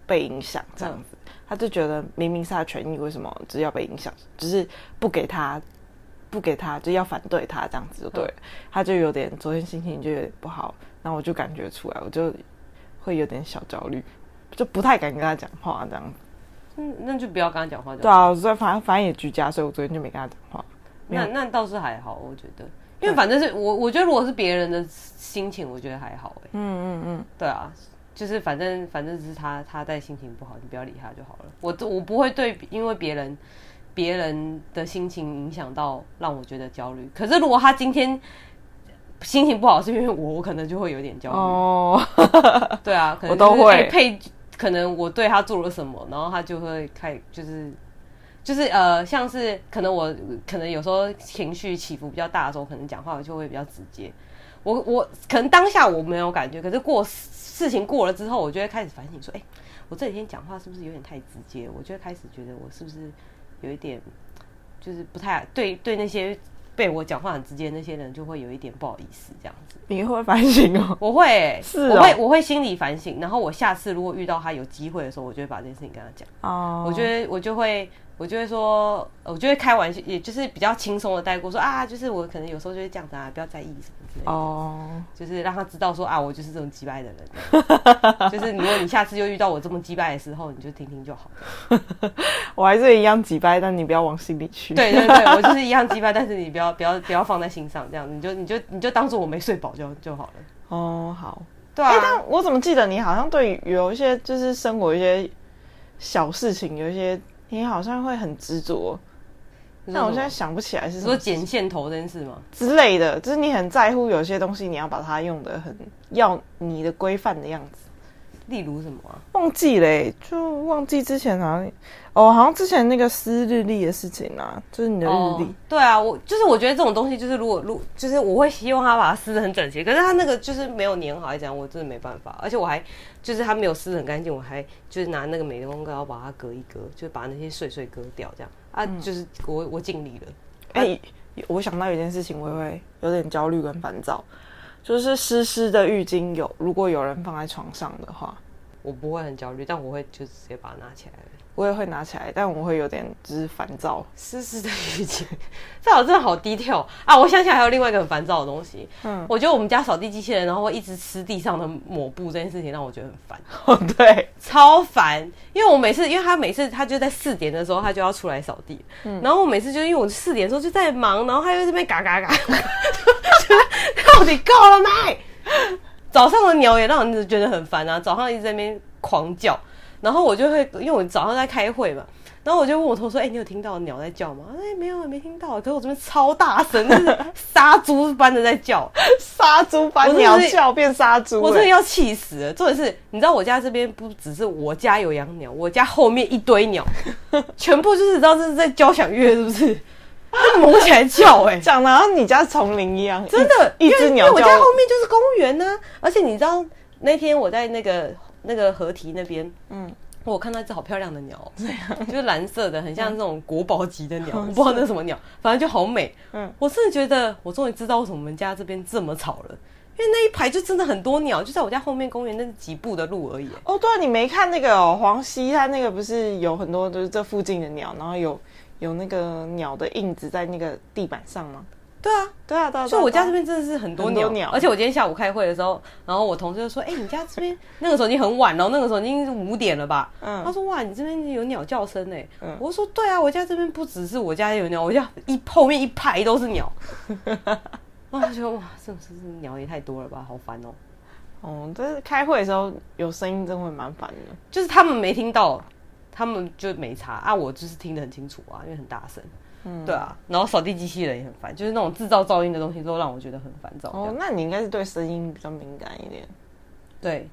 Speaker 1: 被影響這樣子。嗯他就覺得明明是他的權益，為什麼只是要被影響，只、就是不給他，不給他就要反對他這樣子就對，嗯、他就有點昨天心情就有點不好，然後我就感覺出來，我就會有點小焦慮，就不太敢跟他講話、啊、這樣、
Speaker 2: 嗯。那就不要跟他講話。對啊，我
Speaker 1: 昨反正反正也居家，所以我昨天就沒跟他講話。那那
Speaker 2: 倒是還好，我覺得，因為反正是對我，我覺得如果是別人的心情，我覺得還好、欸、嗯嗯嗯，對啊。就是反正反正只是他他在心情不好，你不要理他就好了。我我不會對因為別人別人的心情影響到讓我覺得焦慮。可是如果他今天心情不好是因為我，我可能就會有點焦慮。哦，oh. *laughs* 對啊，可能就是、我都會、欸、配。可能我對他做了什麼，然後他就會開、就是，就是就是呃，像是可能我可能有時候情緒起伏比較大的時候，可能講話就會比較直接。我我可能當下我沒有感覺，可是過。事情過了之後，我就會開始反省，說：“哎、欸，我這幾天講話是不是有點太直接？”我就會開始覺得我是不是有一點，就是不太對對那些被我講話很直接的那些人，就會有一點不好意思這樣子。你會反省哦？我會，是、喔，我會，我會心裡反省。然後我下次如果遇到他有機會的時候，我就會把這件事情跟他講。哦，oh. 我覺得我就會，我就會說，我就會開玩笑，也就是比較輕鬆的帶過，說啊，就是我可能有時候就會這樣子啊，不要在意什麼。哦，就是讓他知道說啊，我就是這種擊敗的人， *laughs* 就是如果你下次又遇到我這麼擊敗的時候，你就聽聽就好了。 *laughs* 我
Speaker 1: 還是一樣擊敗，但你不要往心裡去。對對對，我
Speaker 2: 就是一樣擊敗， *laughs* 但是你不要不要不要放在心上，這樣你就你就你就，你就當做我沒睡飽就就好了。
Speaker 1: 哦，oh, 好，對啊。欸，但我怎麼記得你好像對有一些就是生活有一些小事情，有一些你好像會很執着。那我現在想不起來是什麼說，剪
Speaker 2: 線頭這件事嗎？
Speaker 1: 之類的，就是你很在乎有些東西，你要把它用的很要你的規範的樣子。例如什麼啊？忘記嘞，就忘記之前啊。哦，好像之前那個撕日曆的事情啊，就是你的日曆。哦，
Speaker 2: 對啊，我就是我覺得這種東西，就是如果如果就是我會希望它，把它撕的很整齊。可是它那個就是沒有粘好，這樣我真的沒辦法。而且我還就是它沒有撕很乾淨，我還就是拿那個美工刀把它割一割，就把那些碎碎割掉這樣。啊，就是我、嗯、我盡力了。哎、啊欸，我想到有件事情，
Speaker 1: 我會有點焦慮跟煩躁，就是濕濕的浴巾有，如果有人放在床上的話，
Speaker 2: 我不會很焦慮，但我會就直接把它拿起來我也會拿起來，但我會有點就是煩躁，絲絲的雨季，這我真的好低調啊！我想起來還有另外一個很煩躁的東西，嗯，我覺得我們家掃地機器人然後會一直吃地上的抹布這件事情讓我覺得很煩哦，對、嗯，超煩，因為我每次因為它每次它就在四點的時候它就要出來掃地，嗯，然後我每次就因為我四點的時候就在忙，然後它就在那邊嘎嘎嘎，覺得 *laughs* *laughs* 到底夠了沒？早上我的鳥也讓人覺得很煩啊，早上一直在那邊狂叫。然後我就會，因為我早上在開會嘛，然後我就問我同事說：“哎，你有聽到鳥在叫嗎？”哎，沒有，沒聽到。可是我這邊超大聲，真、就、的、是、殺豬般的在叫， *laughs* 殺豬般、就是、鳥叫變殺豬、欸，我真的要氣死了。重點是，你知道我家這邊不只是我家有養鳥，我家後面一堆鳥， *laughs* 全部就是你知道這是在交響樂，是不是？它猛 *laughs* 起來叫、欸，哎，講得好像你家叢林一樣， *laughs* 真的一，一隻鳥因為因為我家後面就是公園呢、啊， *laughs* 而且你知道那天我在那個。那個河堤那邊，嗯，我看到一隻好漂亮的鳥，對啊、嗯，就是藍色的，很像這種國寶級的鳥，嗯、我不知道那是什麼鳥，反正就好美。嗯，我甚至覺得我終於知道為什麼我們家這邊這麼吵了，因為那一排就真的很多鳥，就在我家後面公園那幾步的路而已。哦，對啊，你沒看那個、哦、
Speaker 1: 黃溪，它那個不是有很多就是這附近的鳥，然後有有那個鳥的印子在那個地板上嗎？
Speaker 2: 對啊，對啊，對啊，所以我家這邊真的是很多鳥，很多鳥，而且我今天下午開會的時候，然後我同事就說：“哎、欸，你家這邊 *laughs* 那個時候已經很晚了，那個時候已經是五點了吧？”嗯、他說：“哇，你這邊有鳥叫聲哎！”嗯、我說：“對啊，我家這邊不只是我家有鳥，我家一後面一排都是鳥。”哈哈哈哈哈！我覺得哇，這種事情鳥也太多了吧，好煩哦。哦、嗯，但是開會的時候有聲音真的會蠻煩的，就是他們沒聽到，他們就沒查啊。我就是聽得很清楚啊，因為很大聲。嗯，對啊，然後掃地機器人也很煩，就是那種制造噪音的東西都讓我覺得很煩躁。哦，那你應該是對聲音比較敏感一點。對，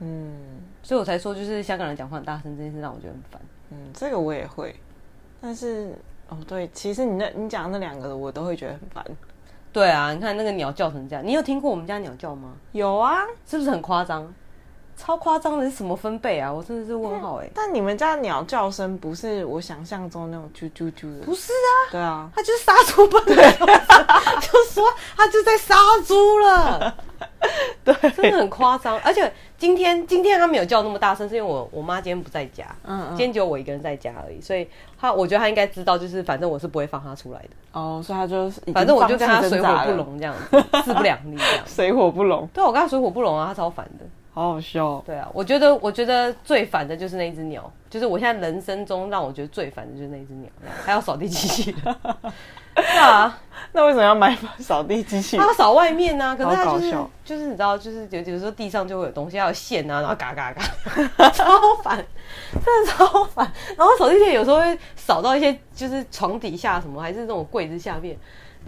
Speaker 2: 嗯，所以我才說，就是香港人講話很大聲這件事讓我覺得很煩。嗯，這個我也會，但是哦，對，其實你那、你講的那兩個的，我都會覺得很煩。對啊，你看那個鳥叫成這樣，你有聽過我們家鳥叫嗎？有啊，是不是很誇張？超誇張的是什麼分貝啊！我真的是問號哎、欸。但你們家的鳥叫聲不是我想象中那種啾啾啾的？不是啊。對啊，它就是殺豬不能。就是對就說它就在殺豬了。 *laughs* 對，真的很誇張。而且今天今天它沒有叫那麼大聲，是因為我我媽今天不在家，嗯，嗯，今天只有我一個人在家而已。所以它，我覺得它應該知道，就是反正我是不會放它出來的。哦，所以它就是，反正我就跟它水火不容這樣子，勢 *laughs* 不兩立這樣。水火不容。對，我跟它水火不容啊，它超煩的。好好笑，對啊，我覺得，我覺得最煩的就是那隻鳥，就是我現在人生中讓我覺得最煩的就是那隻鳥，還要掃地機器。 *laughs* 那啊， *laughs* 那為什麼要買掃地機器？它要掃外面呢？啊，可是它就是就是你知道，就是有有時候地上就會有東西，還有線啊，然後嘎嘎嘎， *laughs* 超煩，真的超煩。然後掃地機器有時候會掃到一些就是床底下什麼，還是那種櫃子下面。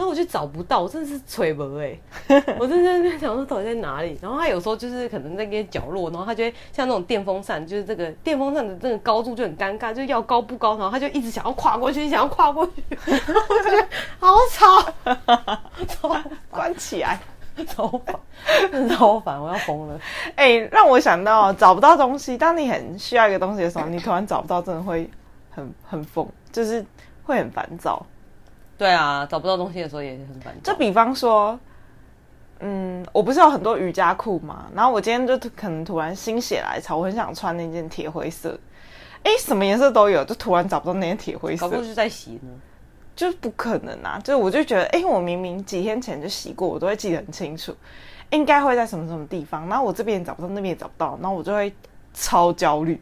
Speaker 2: 然後我就找不到，我真的是蠢笨哎！ *laughs* 我真的在在想，到底在哪裡？然後他有時候就是可能在那邊角落，然後他覺得像那種電風扇，就是這個電風扇的這個高度就很尷尬，就要高不高，然後他就一直想要跨過去，想要跨過去，然後我就覺得好吵，
Speaker 1: 關 *laughs* 起來，超煩，超煩， *laughs* 我要瘋了！哎、欸，讓我想到找不到東西。 *laughs* 當你很需要一個東西的時候， *laughs* 你突然找不到，真的會很很瘋，就是會很煩躁。
Speaker 2: 對啊，找不到東西的時候也是很煩。
Speaker 1: 就比方說，嗯，我不是有很多瑜伽褲嘛，然後我今天就可能突然心血來潮，我很想穿那件鐵灰色。哎，什麼顏色都有，就突然找不到那件鐵灰色。是不是在洗呢？就不可能啊，就我就覺得，哎，我明明幾天前就洗過，我都會記得很清楚，應該會在什麼什麼地方。然後我這邊也找不到，那邊也找不到，然後我就會超焦慮。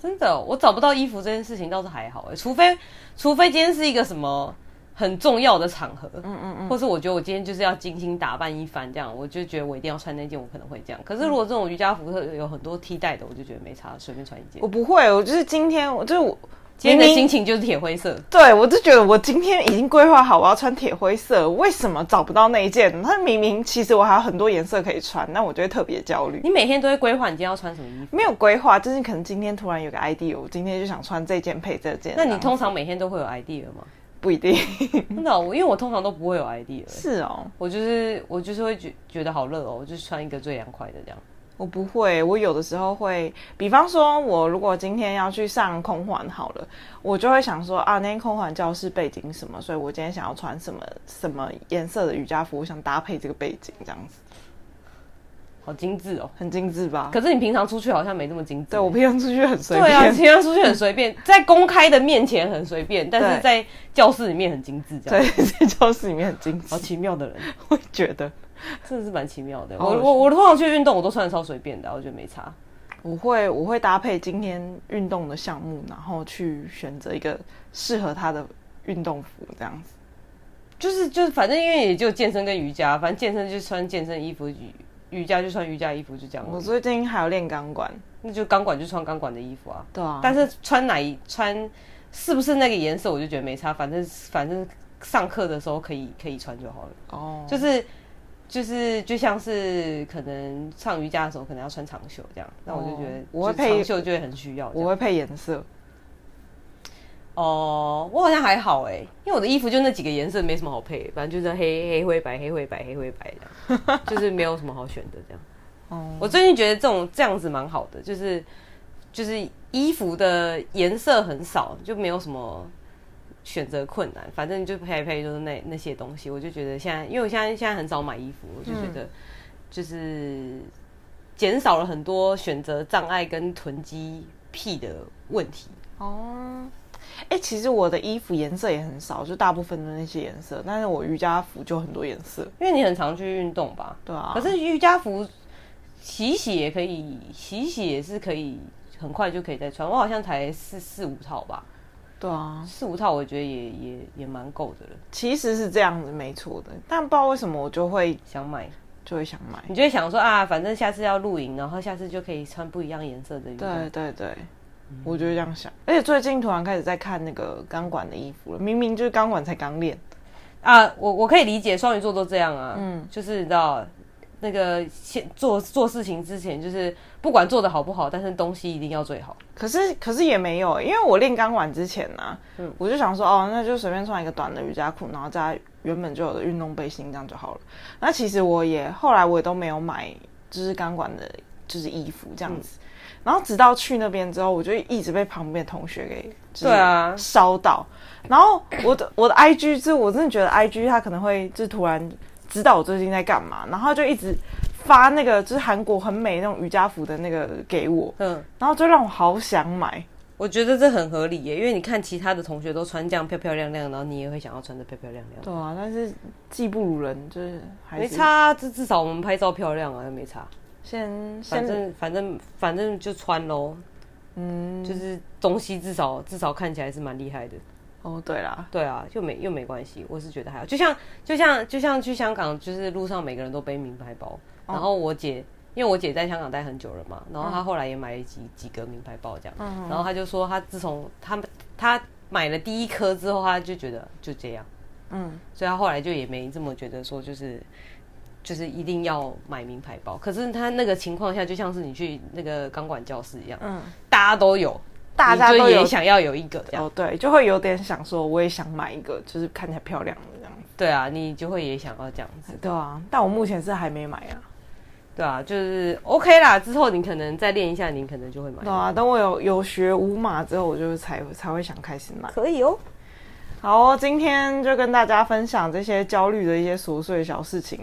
Speaker 2: 真的，我找不到衣服這件事情倒是還好，欸，除非除非今天是一個什麼。很重要的場合，嗯嗯嗯，或是我覺得我今天就是要精心打扮一番，這樣我就覺得我一定要穿那件，我可能會這樣。可是如果這種瑜伽服它有很多替代的，我就覺得沒差，隨便穿一件。我
Speaker 1: 不會，我就是今天，我就是我
Speaker 2: 今天的心情就是鐵灰色。
Speaker 1: 對，我就覺得我今天已經規劃好我要穿鐵灰色，為什麼找不到那一件？它明明其實我還有很多顏色可以穿，那我就會特別焦慮。
Speaker 2: 你每天都會規劃你今天要穿什麼衣服？
Speaker 1: 沒有規劃，就是可能今天突然有個 idea，我今天就想穿這件配這件這。那你通
Speaker 2: 常每天都會有 idea 嗎？不一定，真的，我因為我通常都不會有 idea 欸。是哦，我就是我就是會覺覺得好熱哦，我就穿一個最涼快的這樣。
Speaker 1: 我不會，我有的時候會，比方說，我如果今天要去上空環好了，我就會想說啊，那個、空環教室背景什麼，所以我今天想要穿什麼什麼顏色的瑜伽服，我想搭配這個背景這樣子。
Speaker 2: 好精緻哦，很精緻吧？可是你平常出去好像沒這麼精致對對，我平常出去很隨便。對啊，平常出去很隨便， *laughs* 在公開的面前很隨便，但是在教室裡面很精緻這樣。在教室裡面很精緻。好奇妙的人，會覺得真的是蠻奇妙的。哦、我我我通常去運動，我都穿得超隨便的，我覺得沒差。我會我會搭配今天運動的項目，然後去選擇一個適合他的運動服這樣子。就是就是，就反正因為也就健身跟瑜伽，反正健身就穿健身衣服。瑜伽就穿瑜伽衣服，就這樣。我最近還要練鋼管，那就鋼管就穿鋼管的衣服啊。對啊，但是穿哪一穿，是不是那個顏色，我就覺得沒差，反正反正上課的時候可以可以穿就好了。哦、就是，就是就是就像是可能上瑜伽的時候可能要穿長袖這樣，哦、那我就覺得我會配長袖就會很需要我，我會配顏色。哦，oh, 我好像還好哎，因為我的衣服就那幾個顏色，沒什麼好配，反正就是黑黑灰白黑灰白黑灰白的， *laughs* 就是沒有什麼好選的這樣。哦、嗯，我最近覺得這種這樣子蠻好的，就是就是衣服的顏色很少，就沒有什麼選擇困難，反正就配配就是那那些東西。我就覺得現在，因為我現在現在很少買衣服，我就覺得就是減少了很多選擇障礙跟囤積癖的問題。哦、嗯。哎、欸，其實我的衣服顏色也很少，就大部分的那些顏色。但是我瑜伽服就很多顏色，因為你很常去運動吧？對啊。可是瑜伽服洗洗也可以，洗洗也是可以很快就可以再穿。我好像才四四五套吧？對啊，四五套我覺得也也也蠻夠的了。其實是這樣子，沒錯的。但不知道為什麼我就會想買，就會想買。你就會想說啊，反正下次要露營，然後下次就可以穿不一樣顏色的瑜伽服。對對對。我就是這樣想，而且最近突然開始在看那個鋼管的衣服了。明明就是鋼管才剛練啊，我我可以理解雙魚座都這樣啊，嗯，就是你知道，那個先做做事情之前，就是不管做得好不好，但是東西一定要最好。可是可是也沒有，因為我練鋼管之前呢，啊，嗯，我就想說哦，那就隨便穿一個短的
Speaker 1: 瑜伽褲，然後加原本就有的運動背心，這樣就好了。那其實我也後來我也都沒有買，就是鋼管的，就是衣服這樣子。嗯。然後直到去那邊之後，我就一直被旁邊的同學給對啊燒到。然後我的我的 IG，就是我真的覺得 IG 他可能會就突然知道我最近在幹嘛，然後就一直發那個就是韓國很美那種瑜伽服的那個給我，嗯，然後就讓我好想
Speaker 2: 買。嗯、我，我覺得這很合理耶，因為你看其他的同學都穿這樣漂漂亮亮，然後你也會想要穿得漂漂亮亮。
Speaker 1: 對啊，但是技不如人就是
Speaker 2: 還沒差，至少我們拍照漂亮啊，又沒差。
Speaker 1: 先反正先
Speaker 2: 反正反正就穿嘍，嗯，就是東西至少至少看起來是蠻厲害的。哦，對啦對，對啊，就沒又沒關係，我是覺得還好。就像就像就像去香港，就是路上每個人都背名牌包。哦、然後我姐，因為我姐在香港待很久了嘛，然後她後來也買了幾、嗯、幾個名牌包這樣。然後她就說，她自從她她買了第一顆之後，她就覺得就這樣。嗯，所以她後來就也沒這麼覺得說就是。就是一定要買名牌包，可是他那個情況下，就像是你去那個鋼管教室一樣，嗯，大家都有，大家都有也想要有一個這樣，哦，對，就會有點想說，我也想買一個，就是看起來漂亮的這樣，對啊，你就會也想要這樣子，對
Speaker 1: 啊，但我目前是還沒買啊，
Speaker 2: 對啊，就是 OK 啦，之後你可能再練一下，你可能就會買，對啊，等我有有
Speaker 1: 學舞碼之後，我就才我才會想開始買，可以哦，好，今天就跟大家分享這些焦慮的一些瑣碎小事情。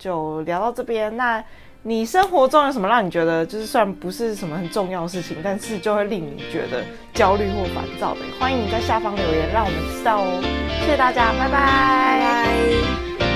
Speaker 1: 就聊到這邊。那你生活中有什麼讓你覺得，就是雖然不是什麼很重要的事情，但是就會令你覺得焦慮或煩躁的？歡迎你在下方留言，讓我們知道哦。謝謝大家，拜拜。拜拜。